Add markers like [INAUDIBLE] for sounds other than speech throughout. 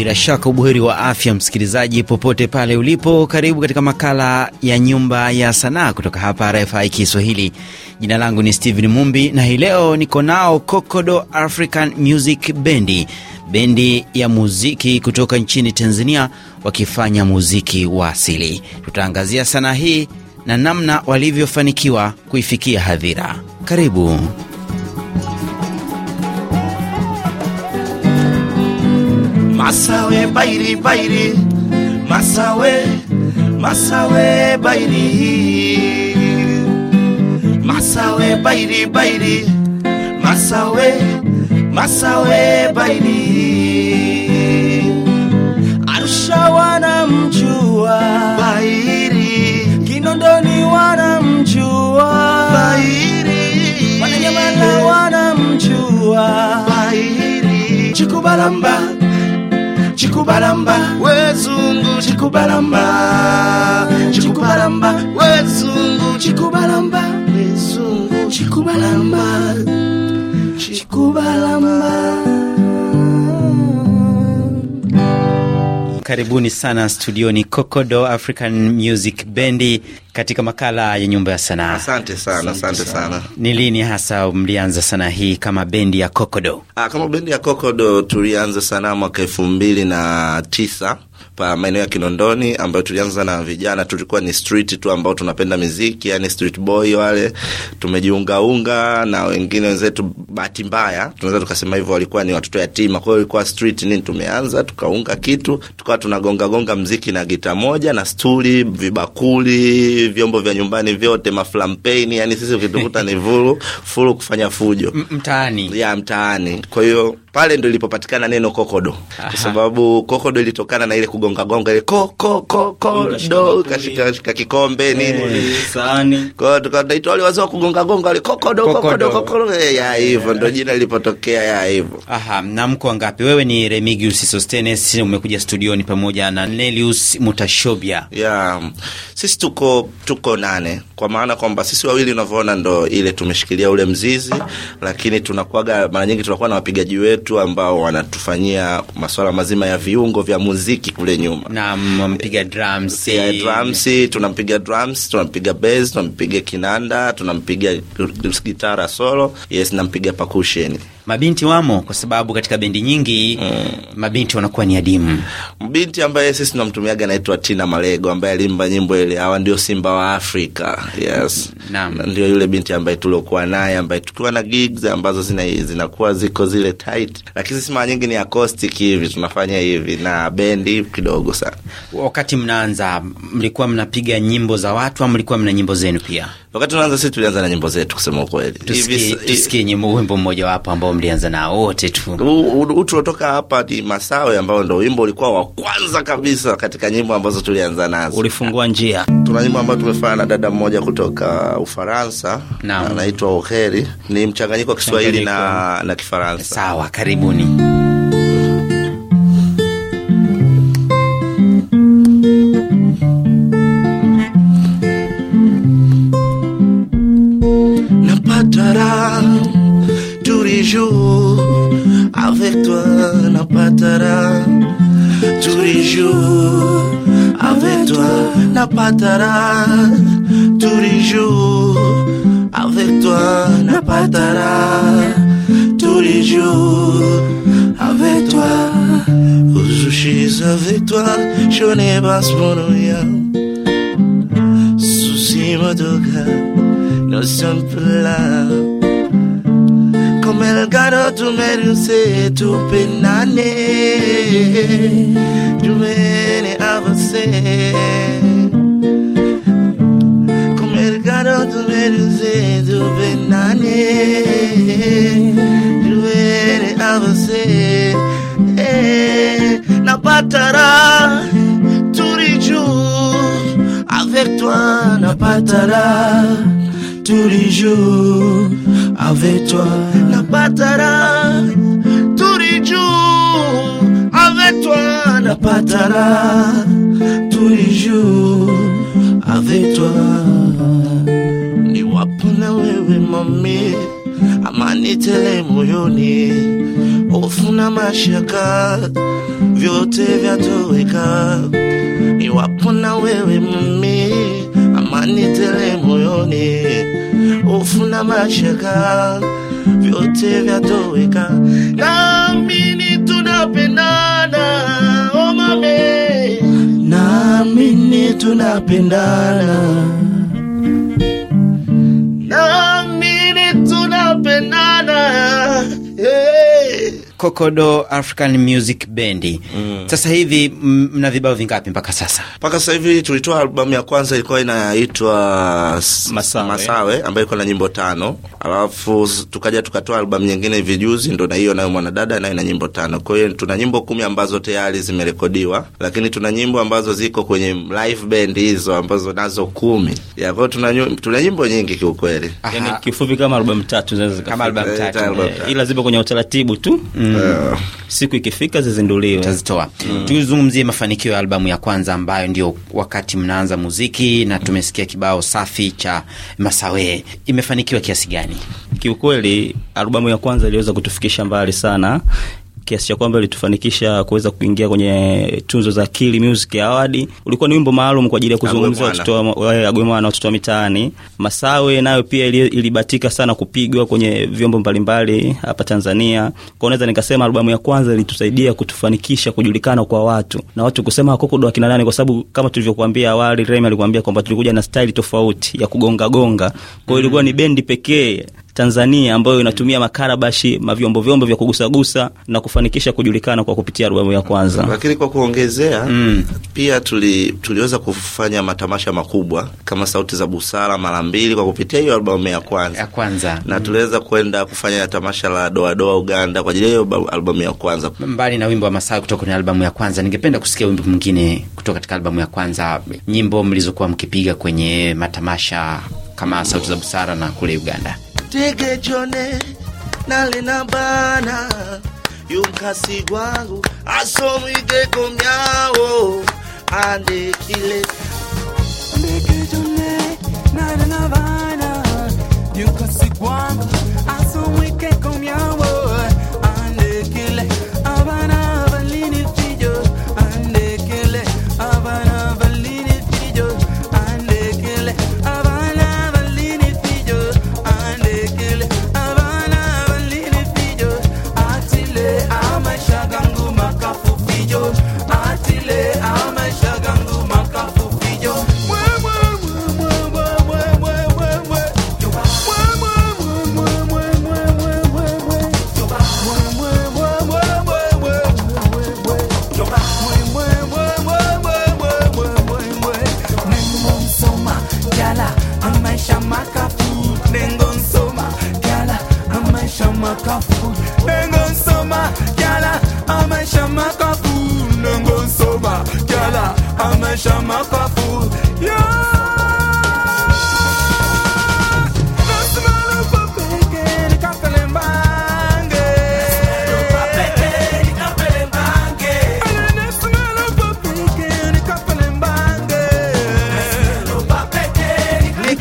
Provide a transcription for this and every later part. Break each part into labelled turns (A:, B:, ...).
A: Bila shaka ubuheri wa afya, msikilizaji, popote pale ulipo, karibu katika makala ya Nyumba ya Sanaa kutoka hapa RFI Kiswahili. Jina langu ni stephen Mumbi na hii leo niko nao cocodo African Music Bendi, bendi ya muziki kutoka nchini Tanzania, wakifanya muziki wa asili. Tutaangazia sanaa hii na namna walivyofanikiwa kuifikia hadhira. Karibu.
B: masawe bairi bairi masawe masawe bairi masawe bairi bairi masawe masawe bairi arusha wanamjua bairi kinondoni wanamjua bairi wananyamala wanamjua bairi chikubalamba chikubalamba wezungu chikubalamba chikubalamba wezungu chikubalamba wezungu chikubalamba chikubalamba
A: karibuni sana studioni Kokodo African Music Bendi katika makala ya nyumba ya sanaa. Asante sana, asante sana. Ni lini hasa mlianza sanaa hii kama bendi ya Kokodo?
B: Aa, ah, kama bendi ya Kokodo tulianza sanaa mwaka elfu mbili na tisa hapa maeneo ya Kinondoni ambayo tulianza na vijana, tulikuwa ni street tu ambao tunapenda miziki, yani street boy wale, tumejiungaunga na wengine wenzetu. Bahati mbaya tunaweza tukasema hivyo, walikuwa ni watoto yatima, kwa hiyo ilikuwa street nini, tumeanza tukaunga kitu, tukawa tunagonga gonga mziki na gita moja na stuli, vibakuli, vyombo vya nyumbani vyote, maflampeni, yani sisi ukitukuta ni [LAUGHS] vulu fulu kufanya fujo mtaani, ya mtaani, kwa hiyo pale ndo ilipopatikana neno kokodo, kwa sababu kokodo ilitokana na ile kugonga gonga ile kokokokodo kokodo, kashika kikombe eh, nini sahani, kwa tukaitwa wale wazee wa kugonga gonga wale kokodo kokodo kokodo,
A: eh, ya hivyo ndo jina lilipotokea, ya hivyo. Aha, na mko wangapi? Wewe ni Remigius Sostenes, umekuja studioni pamoja na Nelius Mutashobia. Yeah,
B: sisi tuko tuko nane, kwa maana kwamba sisi wawili unavyoona ndo ile tumeshikilia ule mzizi, lakini tunakuwaga mara nyingi tunakuwa na wapigaji wetu wenzetu ambao wanatufanyia masuala mazima ya viungo vya muziki kule nyuma, mpiga drums, eh, drums tunampiga drums, tunampiga bass, tunampiga kinanda, tunampiga gitara solo, yes, nampiga percussion
A: mabinti wamo, kwa sababu katika bendi nyingi mm. mabinti wanakuwa ni adimu.
B: Mbinti ambaye sisi tunamtumiaga anaitwa Tina Malego ambaye alimba nyimbo ile hawa ndio Simba wa Afrika. Yes. Naam. Ndio yule binti ambaye tuliokuwa naye ambaye tukiwa na gigs ambazo zina zinakuwa ziko zile tight. Lakini sisi mara nyingi ni acoustic hivi
A: tunafanya hivi na bendi kidogo sana. Wakati mnaanza mlikuwa mnapiga nyimbo za watu au mlikuwa mna nyimbo zenu pia? Wakati tunaanza sisi tulianza na nyimbo zetu kusema ukweli. Tusikie, tusikie nyimbo wimbo mmoja wapo ambao ambao mlianza nao wote tu. Tulotoka hapa ni
B: Masawe, ambao ndo wimbo ulikuwa wa kwanza kabisa katika nyimbo ambazo tulianza nazo, ulifungua njia. Tuna nyimbo ambayo tumefanya na dada mmoja kutoka Ufaransa anaitwa Oheri, ni mchanganyiko wa Kiswahili na, na Kifaransa. Sawa, karibuni. les jours avec toi la patara. Tous les jours avec toi la patara. Tous les jours avec toi la patara. Tous les jours avec toi. suis avec toi, je n'ai pas Souci motoka, nous sommes là. tumel garoto tumel se tu penane Jumene a você. garo tumel se tu penane Jumene eh, Na patara, Turijou Avec toi na patara, les jours avec toi. La patara, tous les jours, avec toi. La patara, tous les jours, avec toi. Ni wapona wewe mami, amani tele moyoni, ofuna mashaka, vyote vyatoweka. Ni wapona wewe mami, amani tele moyoni ofuna mashaka vyote vyatoweka naamini tunapendana oh mame naamini tunapendana na
A: Kokodo African Music Band. Mm. Sasa hivi mna vibao vingapi mpaka sasa? Mpaka sasa hivi tulitoa albamu ya kwanza
B: ilikuwa inaitwa Masawe, Masawe ambayo iko na nyimbo tano. Alafu tukaja tukatoa albamu nyingine hivi juzi ndo na hiyo nayo mwanadada nayo ina nyimbo tano. Kwa hiyo tuna nyimbo kumi ambazo tayari zimerekodiwa, lakini tuna nyimbo ambazo ziko kwenye live band hizo ambazo
C: nazo kumi. Ya kwa tuna tuna nyimbo nyingi kiukweli. yani kifupi kama albamu tatu zinaweza
A: kama albamu eh, eh, tatu. Ila zipo kwenye utaratibu tu. Mm. Eh, siku ikifika zizinduliwe tazitoa mm. tuzungumzie mafanikio ya albamu ya kwanza ambayo ndio wakati mnaanza muziki na mm. tumesikia kibao safi cha Masawe, imefanikiwa kiasi gani?
C: Kiukweli albamu ya kwanza iliweza kutufikisha mbali sana kiasi cha kwamba ulitufanikisha kuweza kuingia kwenye tunzo za Kili Music Award. Ulikuwa ni wimbo maalum kwa ajili ya kuzungumza watoto wa agwema na watoto wa mitaani. Masawe nayo pia ilibatika sana kupigwa kwenye vyombo mbalimbali hapa Tanzania. Kwa naweza nikasema albamu ya kwanza ilitusaidia kutufanikisha kujulikana kwa watu na watu kusema Koko ndo akina nani, kwa sababu kama tulivyokuambia awali, Remy alikuambia kwamba tulikuja na style tofauti ya kugonga gonga, kwa hiyo ilikuwa ni bendi pekee Tanzania ambayo inatumia makarabashi mavyombo vyombo vya kugusagusa na kufanikisha kujulikana kwa kupitia albamu ya kwanza.
B: Lakini kwa kuongezea mm. pia tuli, tuliweza kufanya matamasha makubwa kama Sauti za Busara mara mbili kwa kupitia hiyo albamu ya kwanza, ya kwanza. na mm. tuliweza kwenda kufanya tamasha la Doadoa Uganda kwa ajili ya hiyo albamu ya kwanza.
A: Mbali na wimbo wa Masaa kutoka kwenye albamu ya kwanza, ningependa kusikia wimbo mwingine kutoka katika albamu ya kwanza, nyimbo mlizokuwa mkipiga kwenye matamasha kama Sauti za Busara na kule Uganda.
B: tege jone nalinabana yumkasi gwangu asomwigegomyao andekile Andeke.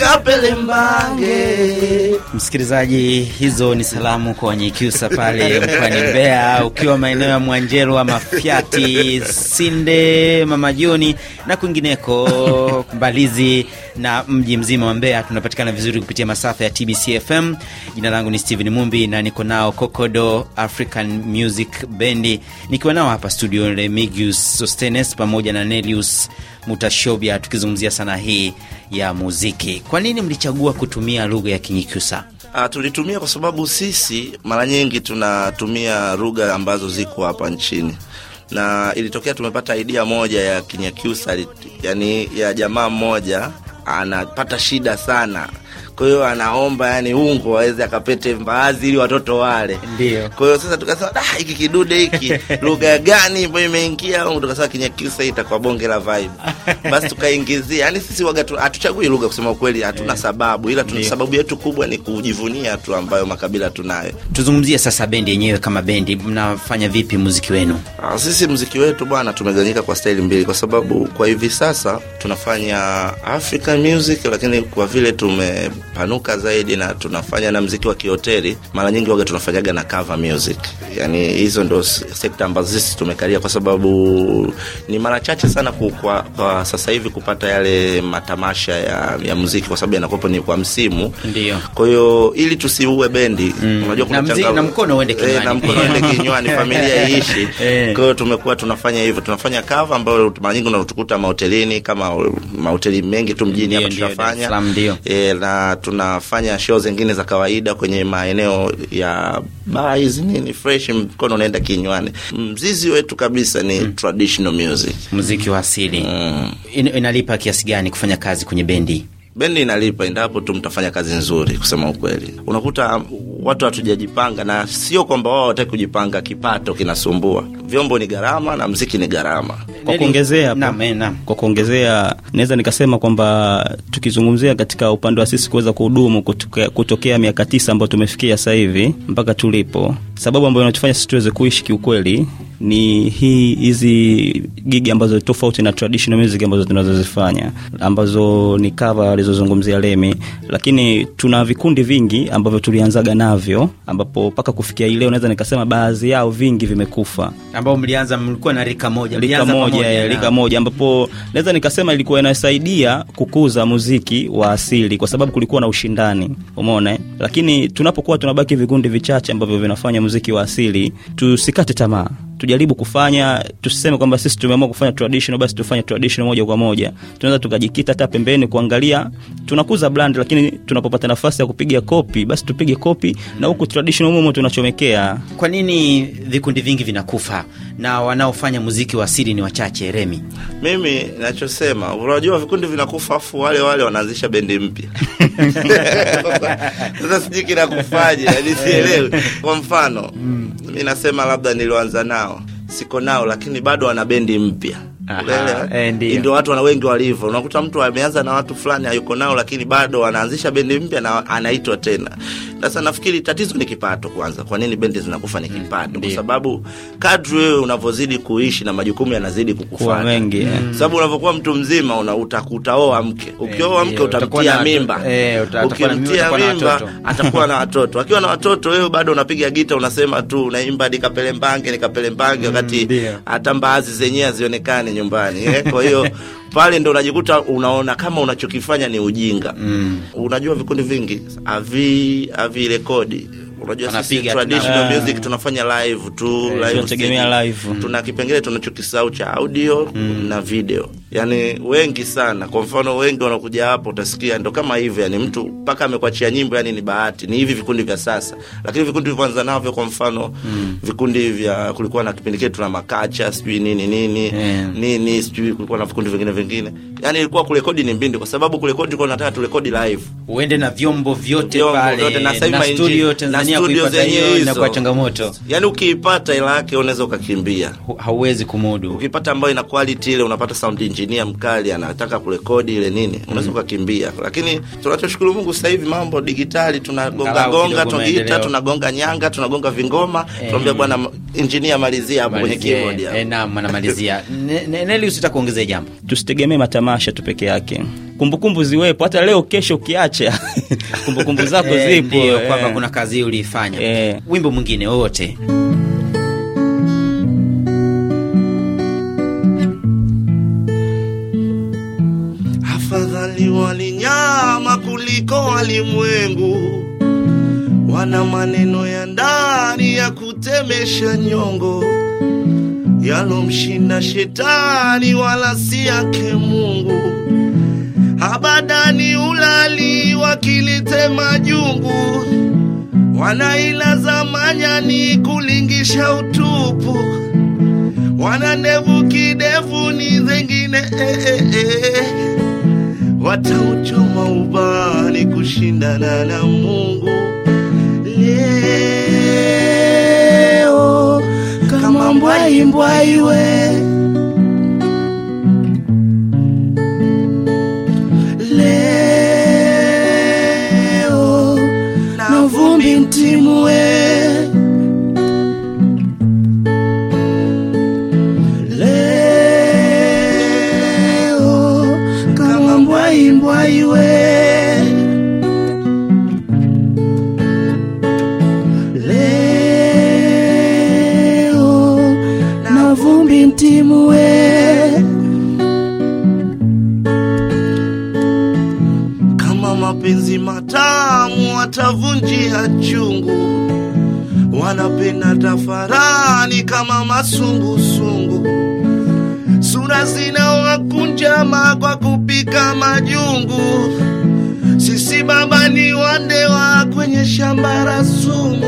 B: kapele mbange.
A: Msikilizaji, hizo ni salamu kwa Wanyakyusa pale mkoani Mbeya, ukiwa maeneo ya Mwanjeru ama Sinde, Mama Joni na kwingineko, Mbalizi na mji mzima wa Mbeya. Tunapatikana vizuri kupitia masafa ya TBC FM. Jina langu ni Steven Mumbi na niko nao Kokodo African Music Bendi, nikiwa nao hapa studio Remigius Sostenes pamoja na Nelius Mutashobia, tukizungumzia sana hii ya muziki. Kwa nini mlichagua kutumia lugha ya Kinyikusa?
B: A, ah, tulitumia kwa sababu sisi mara nyingi tunatumia lugha ambazo ziko hapa nchini na ilitokea tumepata idea moja ya Kinyakyusa, yani ya jamaa mmoja anapata shida sana kwa hiyo anaomba yani ungo aweze akapete mbaazi ili watoto wale. Ndio. Kwa hiyo sasa tukasema da, ah, hiki kidude hiki [LAUGHS] lugha gani ambayo imeingia? au Tukasema Kinyakyusa itakuwa bonge la vibe, basi tukaingizia. Yani sisi waga hatuchagui lugha, kusema kweli, hatuna eh. sababu, ila tuna sababu yetu kubwa ni kujivunia tu ambayo makabila tunayo.
A: Tuzungumzie sasa bendi yenyewe. Kama bendi mnafanya vipi muziki wenu? Ah, sisi
B: muziki wetu bwana tumegawanyika kwa staili mbili, kwa sababu kwa hivi sasa tunafanya African music, lakini kwa vile tume tumepanuka zaidi na tunafanya na mziki wa kihoteli. Mara nyingi waga tunafanyaga na cover music, yani hizo ndo sekta ambazo sisi tumekalia, kwa sababu ni mara chache sana kwa, kwa sasa hivi kupata yale matamasha ya, ya muziki, kwa sababu yanakuwepo ni kwa msimu. Ndio, kwa hiyo ili tusiue bendi mm. Unajua kuna changa na
A: mkono uende kinywani, eh, na mkono uende kinywani [LAUGHS] familia iishi
B: [LAUGHS] eh. Kwa hiyo tumekuwa tunafanya hivyo, tunafanya cover ambayo mara nyingi unatukuta mahotelini kama mahoteli mengi tu mjini hapa tunafanya ndio, Eh, na tunafanya show zingine za kawaida kwenye maeneo ya baa hizi nini fresh, mkono unaenda kinywani. Mzizi wetu kabisa ni mm. traditional music, muziki wa asili mm. In, inalipa kiasi gani kufanya kazi kwenye bendi? Bendi inalipa endapo tu mtafanya kazi nzuri. Kusema ukweli, unakuta watu hatujajipanga, na sio kwamba wao wataki kujipanga, kipato kinasumbua, vyombo ni gharama na mziki ni gharama.
C: Kwa kuongezea, eh, kwa kuongezea, naweza nikasema kwamba tukizungumzia katika upande wa sisi kuweza kuhudumu kutokea, kutokea miaka tisa ambayo tumefikia sasa hivi mpaka tulipo, sababu ambayo inatufanya sisi tuweze kuishi kiukweli ni hii hizi gigi ambazo tofauti na traditional music ambazo tunazozifanya ambazo ni cover alizozungumzia Lemi, lakini tuna vikundi vingi ambavyo tulianzaga na navyo, ambapo mpaka kufikia hii leo naweza nikasema baadhi yao vingi vimekufa,
A: ambao mlianza mlikuwa
C: na rika moja, rika moja, rika moja, ambapo naweza nikasema ilikuwa inasaidia kukuza muziki wa asili, kwa sababu kulikuwa na ushindani, umeona. Lakini tunapokuwa tunabaki vikundi vichache ambavyo vinafanya muziki wa asili, tusikate tamaa tujaribu kufanya, tuseme kwamba sisi tumeamua kufanya traditional, basi tufanye traditional moja kwa moja. Tunaweza tukajikita hata pembeni kuangalia, tunakuza brand, lakini tunapopata nafasi ya kupiga kopi, basi tupige kopi na
A: huku traditional mumo tunachomekea. Kwa nini vikundi vingi vinakufa na wanaofanya muziki wa asili ni wachache? Remi,
B: mimi nachosema, unajua vikundi vinakufa, afu wale wale wanaanzisha bendi mpya [LAUGHS] sasa sijui kinakufaje, yani sielewi. [LAUGHS] Kwa mfano mm, mi nasema labda nilianza nao siko nao, lakini bado wana bendi mpya. Eh, ndio watu wana wengi walivyo. Unakuta mtu ameanza na watu fulani hayuko nao, lakini bado anaanzisha bendi mpya na anaitwa tena. Sasa nafikiri tatizo ni kipato kwanza. Kwa nini bendi zinakufa? Ni mm, kipato, kwa sababu kadri wewe unavyozidi kuishi na majukumu yanazidi kukufanya mengi, eh. sababu unavyokuwa mtu mzima una utaoa oh, mke, ukioa eh, mke utamtia mimba, ukimtia mimba [LAUGHS] atakuwa na watoto. Akiwa na watoto, wewe bado unapiga gita, unasema tu unaimba, nikapele mbange, nikapele mbange, mm, wakati hata mbaazi zenyewe hazionekani nyumbani eh. Kwa hiyo pale ndo unajikuta unaona kama unachokifanya ni ujinga mm. Unajua vikundi vingi avi havi rekodi Unajua sisi music tunafanya live tu eh, mm. Tuna kipengele tunachokisau cha audio mm. na video, yani wengi sana. Kwa mfano wengi wanakuja hapo, utasikia ndo kama hivyo, yani mtu mpaka amekuachia nyimbo, yani ni bahati. Ni hivi vikundi vya sasa, lakini vikundi vilivyoanza navyo, kwa mfano mm. vikundi vya kulikuwa na kipindi ketu na makacha sijui nini nini yeah. nini sijui, kulikuwa na vikundi vingine vingine. yani ilikuwa kurekodi ni mbindi kwa sababu
A: kurekodi kwa nataka turekodi live. Uende na vyombo vyote pale na, na studio Tanzania kuipata hiyo inakuwa changamoto.
B: yani ukiipata ila yake unaweza ukakimbia. Hauwezi kumudu. Ukipata ambayo ina quality ile unapata sound engineer mkali anataka kurekodi ile nini unaweza mm. ukakimbia. Lakini tunachoshukuru Mungu sasa hivi mambo digitali tunagonga gonga tunaita tunagonga nyanga tunagonga vingoma eh. tunamwambia bwana engineer malizia hapo kwenye keyboard hapo. Eh, naam
C: malizia [LAUGHS] Neli usitaka kuongezea jambo. Just usitegemee matamasha tu peke yake kumbukumbu ziwepo hata leo kesho ukiacha [LAUGHS] kumbukumbu zako e, zipo eh. kwamba kuna kazi
A: uliifanya e. wimbo mwingine wowote
B: afadhali walinyama kuliko walimwengu wana maneno ya ndani ya kutemesha nyongo yalomshinda shetani, wala si yake Mungu. Abadani ulali wakilitema jungu, wanailaza manyani kulingisha utupu, wana ndevu kidevuni zengine eh, eh, eh, eh. Watauchoma ubani kushindana na Mungu yeah. imbwa imbwa iwe sungu sura zinaowakunjama kwa kupika majungu. Sisi baba ni wandewa kwenye shamba la sumu,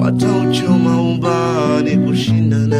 B: watauchoma umbani kushindana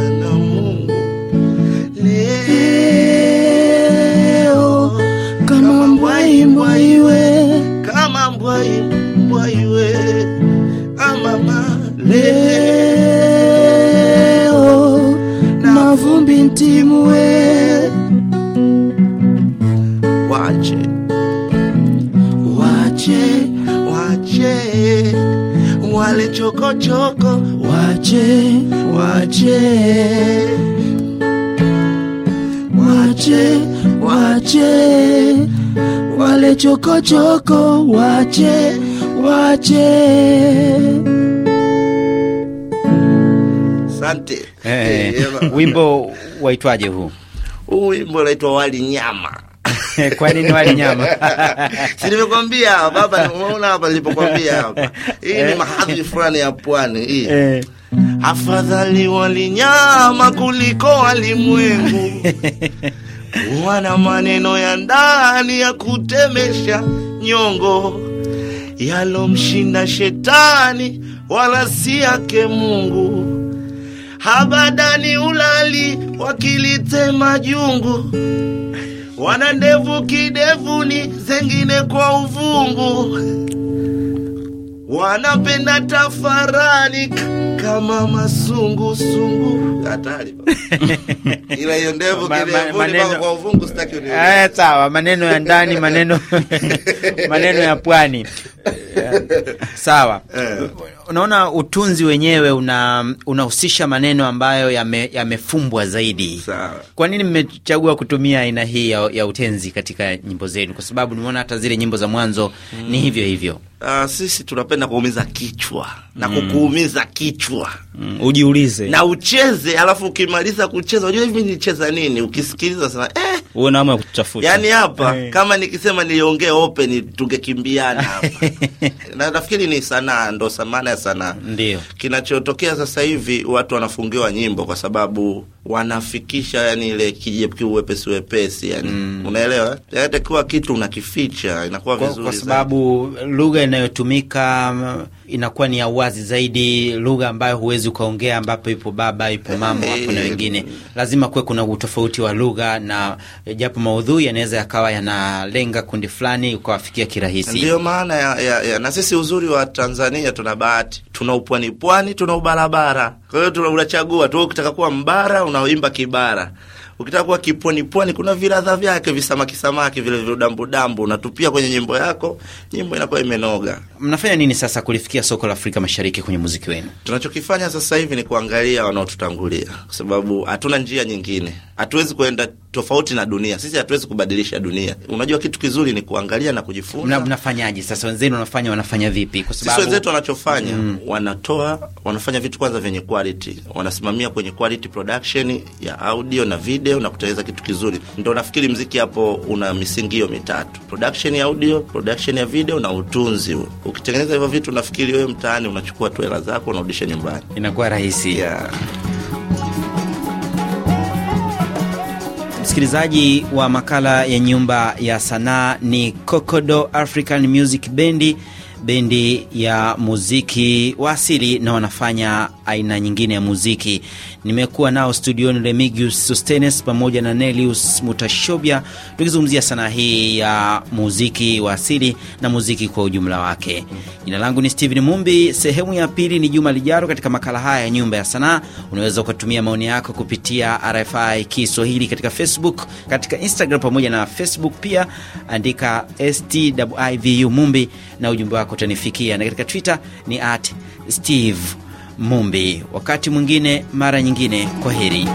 B: chokochoko wache wache sante Hey, eh, eh, eh, [LAUGHS]
A: wimbo waitwaje huu?
B: Huu wimbo unaitwa
A: wali nyama. Kwa nini wali nyama?
B: [LAUGHS] Si baba, umeona hapa nilipokwambia hapa. Hii ni mahadhi fulani ya pwani hii. Afadhali wali nyama kuliko walimwengu. [LAUGHS] wana maneno ya ndani ya kutemesha nyongo, yalomshinda shetani, wala si yake Mungu. Habadani ulali wakilitema jungu, wana ndevu kidevuni, zengine kwa uvungu wanapenda tafarani kama masungusungu. Hatari
A: [LAUGHS] ila hiyo ndevu kwa uvungu sitaki unielewe. Eh, sawa, maneno ya ndani, maneno [LAUGHS] maneno ya pwani. [LAUGHS] Sawa, eh. unaona utunzi wenyewe unahusisha maneno ambayo yamefumbwa ya zaidi. Kwa nini mmechagua kutumia aina hii ya, ya utenzi katika nyimbo zenu? Kwa sababu nimeona hata zile nyimbo za mwanzo mm, ni hivyo hivyo Uh, sisi tunapenda kuumiza kichwa
B: na mm. kukuumiza kichwa
C: mm. Ujiulize na
B: ucheze, alafu ukimaliza kucheza unajua hivi nicheza nini? Ukisikiliza sana eh, uwe na hamu ya kutafuta Yani hapa hey, eh. kama nikisema niongee open tungekimbiana hapa [LAUGHS] na nafikiri ni sanaa, ndo maana ya sanaa. Ndio kinachotokea sasa hivi, watu wanafungiwa nyimbo kwa sababu wanafikisha yani ile kiwepesi wepesi yani mm. Unaelewa, takiwa kitu unakificha inakuwa
A: vizuri kwa, sababu lugha inayotumika mm, inakuwa ni ya uwazi zaidi, lugha ambayo huwezi ukaongea ambapo ipo baba ipo mama hey, eh, hapo na wengine. Eh, eh. Lazima kuwe kuna utofauti wa lugha, na japo maudhui yanaweza yakawa yanalenga kundi fulani, ukawafikia kirahisi. ndio
B: maana ya, ya, ya, na sisi uzuri wa Tanzania tuna bahati, tuna upwani pwani, tuna ubarabara kwa hiyo unachagua tu, ukitaka kuwa mbara unaimba kibara, ukitaka kuwa kipwani pwani, kuna viradha vyake, visamaki samaki vile vile, dambu, unatupia kwenye nyimbo yako, nyimbo inakuwa imenoga.
A: Mnafanya nini sasa kulifikia soko la Afrika Mashariki kwenye muziki wenu?
B: Tunachokifanya sasa hivi ni kuangalia wanaotutangulia, kwa sababu hatuna njia nyingine hatuwezi kuenda tofauti na dunia. Sisi hatuwezi kubadilisha dunia. Unajua, kitu kizuri ni kuangalia na kujifunza.
A: mnafanyaje sasa? Wenzenu wanafanya wanafanya vipi? Kwa sababu sisi wenzetu
B: wanachofanya mm, wanatoa wanafanya vitu kwanza vyenye quality, wanasimamia kwenye quality production ya audio na video na kutengeneza kitu kizuri. Ndo nafikiri mziki hapo una misingi hiyo mitatu: production ya audio, production ya video na utunzi. Ukitengeneza hivyo vitu, nafikiri wewe mtaani
A: unachukua tu hela zako unarudisha nyumbani, inakuwa rahisi yeah. msikilizaji wa makala ya nyumba ya sanaa ni Kokodo African Music Bendi bendi ya muziki wa asili na wanafanya aina nyingine ya muziki. Nimekuwa nao studioni Remigius sustenes pamoja na Nelius Mutashobia tukizungumzia sanaa hii ya muziki wa asili na muziki kwa ujumla wake. Jina langu ni Steven Mumbi. Sehemu ya pili ni juma lijaro katika makala haya ya Nyumba ya Sanaa. Unaweza ukatumia maoni yako kupitia RFI Kiswahili katika Facebook, katika Instagram pamoja na Facebook pia, andika stwivu Mumbi na ujumbe wako kutanifikia na katika Twitter ni at Steve Mumbi. Wakati mwingine, mara nyingine, kwa heri.